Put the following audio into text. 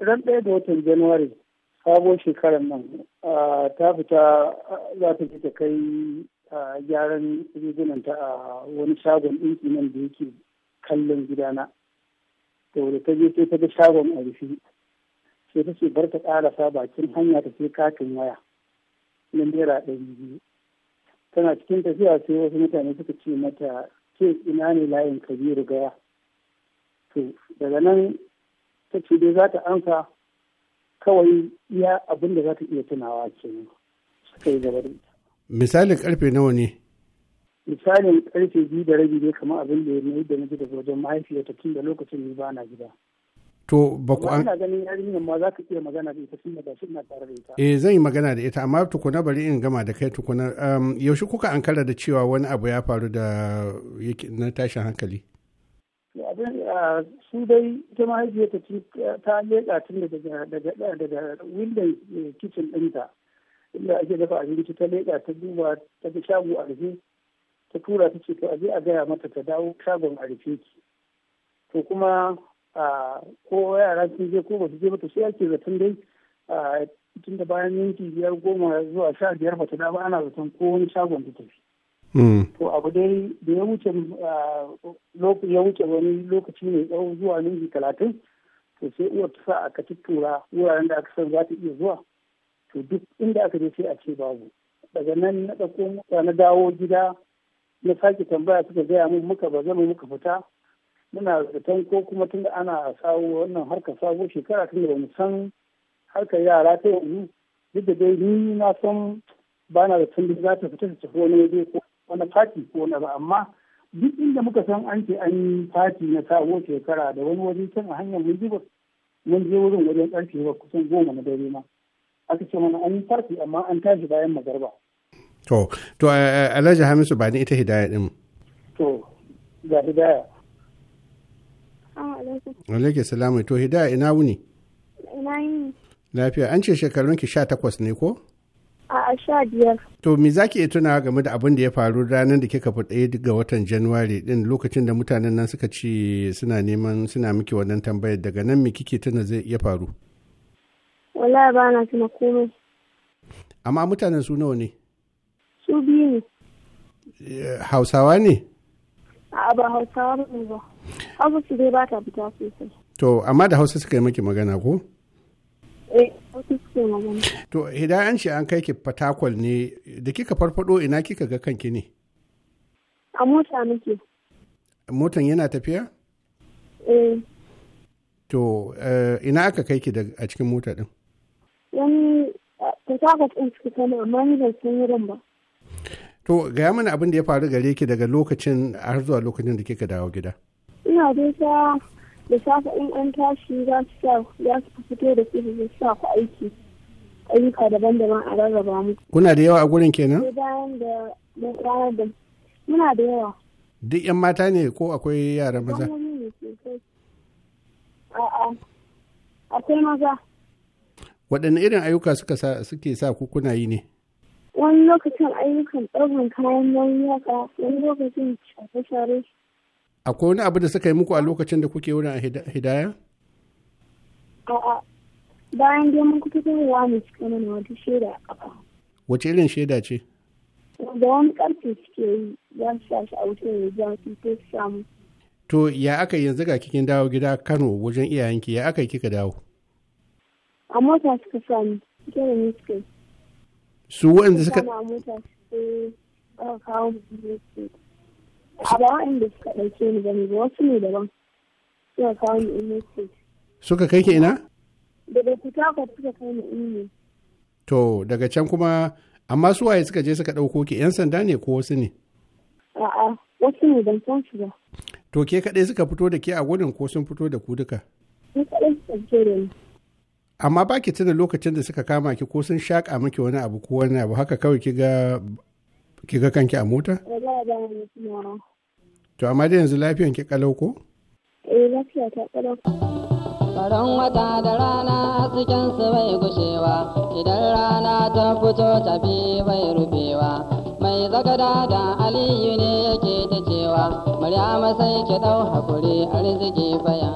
ran ɗaya da watan januwari sabon shekarar nan ta fita za ta ta kai gyaran rigunanta a wani shagon ɗinki nan da yake kallon gidana to da ta je sai ta ga shagon a rufe sai ta ce bar ta ƙarasa bakin hanya ta sai katin waya na naira ɗari biyu tana cikin tafiya sai wasu mutane suka ce mata ke ina ne layin kabiru gaya to daga nan ta ce dai za ta ansa kawai ya abin da za ta iya tunawa kenan suka yi gaba da ita. Misalin karfe nawa ne? Misalin karfe biyu da rabi ne kamar abin da ya nuna da na ji daga wajen ta tun da lokacin ni ba na gida. To ba ku an. Ina ganin yarinyar ma za ka iya magana da ita tun da shi na tare da ita. Eh zan yi magana da ita amma tukuna bari in gama da kai tukuna um, yaushe kuka ankara da cewa wani abu ya faru da na tashin hankali. abin su dai ita mahaifiyarta ta leƙa tun daga windon eh, kicin ɗinta inda ake dafa abinci ta leƙa ta duba ta ga shago a rufe ta tura ta ce to aje a gaya mata ta dawo shagon a rufe ki to kuma ko yara sun je ko ba su je ba to sai ake zaton dai tun da bayan minti biyar goma zuwa sha biyar ba ta dawo ana zaton ko wani shagon ta tafi to abu dai da ya wuce uh, ya wuce wani lokaci mai tsawo zuwa minti talatin to sai uwa ta sa aka tuttura wuraren da aka san za ta iya zuwa to duk inda aka je sai a ce babu daga nan na ɗauko na dawo gida na sake tambaya suka gaya mun muka ba zama muka fita muna zaton ko kuma tun da ana sawo wannan harkar sabo shekara tun da ba san harkar yara ta yanzu duk da dai ni na san ba na tun da za ta fita ta tafi wani waje ko wani fati ko wani amma duk inda muka san an ce an yi fati na kawo shekara da wani waje can a hanyar mun jibar mun je wurin wajen karfe ba kusan goma na dare ma aka ce mana an yi fati amma an tashi bayan magarba. to to eh, eh, alhaji hamisu ba ni ita hidaya din. to ga hidaya. alaikum salamu to hidaya ina wuni. ina yi. lafiya an ce shekarunki sha takwas ne ko. a sha To me ki iya tunawa game da abin da ya faru ranar da kika fi ɗaya ga watan Januwari din lokacin da mutanen nan suka ce suna neman suna miki wannan tambayar daga nan me kike tuna zai iya faru? Wala ba na tuna komai. Amma mutanen su nawa ne? Su biyu ne. Eh, Hausawa ne? A'a ba Hausawa ba ne ba. Hausa su dai ba ta fita sosai. To amma da Hausa suka yi maki magana ko? To idan an ce an kai ki fatakwal ne da kika farfado ina kika ga kanki ne? A mota muke. Motan yana tafiya? Eh. To eh, ina aka kai ki a cikin mota din? ta fatakwal ɗin ciki kama amma ni ban san wurin ba. To gaya mana abin da ya faru gare ki daga lokacin har zuwa lokacin da kika dawo gida. Ina dai ta da safe in an tashi za su fito da su su sa ku aiki ayyuka daban-daban a rarraba mu. Kuna da yawa a gurin kenan? Bayan da ranar da muna da yawa. Duk 'yan mata ne ko akwai yara maza? A'a, akwai maza. Waɗanne irin ayyuka suka sa suke sa ku kuna yi ne? Wani lokacin ayyukan ɗaukan kayan nauyi haka, wani lokacin shafe-shafe, akwai wani abu da suka yi muku a lokacin da kuke wurin a hidaya? bayan dai mun kuka zuwa mu kama mana wata shaida a kafa. Wace irin shaida ce? Da wani karfe suke yi za su sa shi a wutar da za su sai samu. To ya aka yanzu ga kikin dawo gida Kano wajen iyayenki ya aka yi kika dawo? A mota suka sami, suke da ni Su wanda suka? a mota suke kawo mu a ba wa'anda suka ɗauke ni ba ne ba wasu ne daban suka kawo ni imo state suka kai ke ina daga kutakwa suka kai ni imo to daga can kuma amma su waye suka je suka ɗauko ki yan sanda ne ko wasu ne a'a wasu ne ban san shi ba to ke kaɗai suka fito da ke a gudun ko sun fito da ku duka ni kaɗai suka fito da ni amma ba ki tuna lokacin da suka kama ki ko sun shaƙa miki wani abu ko wani abu haka kawai ki ga ki ga kanki a mota? Eh, to amma da yanzu lafiyan ki kalau ko? Eh lafiya ta kalau. Faran wata da rana cikin su bai gushewa, idan rana ta fito tafi bai rufewa. Mai zagada da Aliyu ne yake ta cewa, Maryama sai ki ɗau hakuri arziki baya.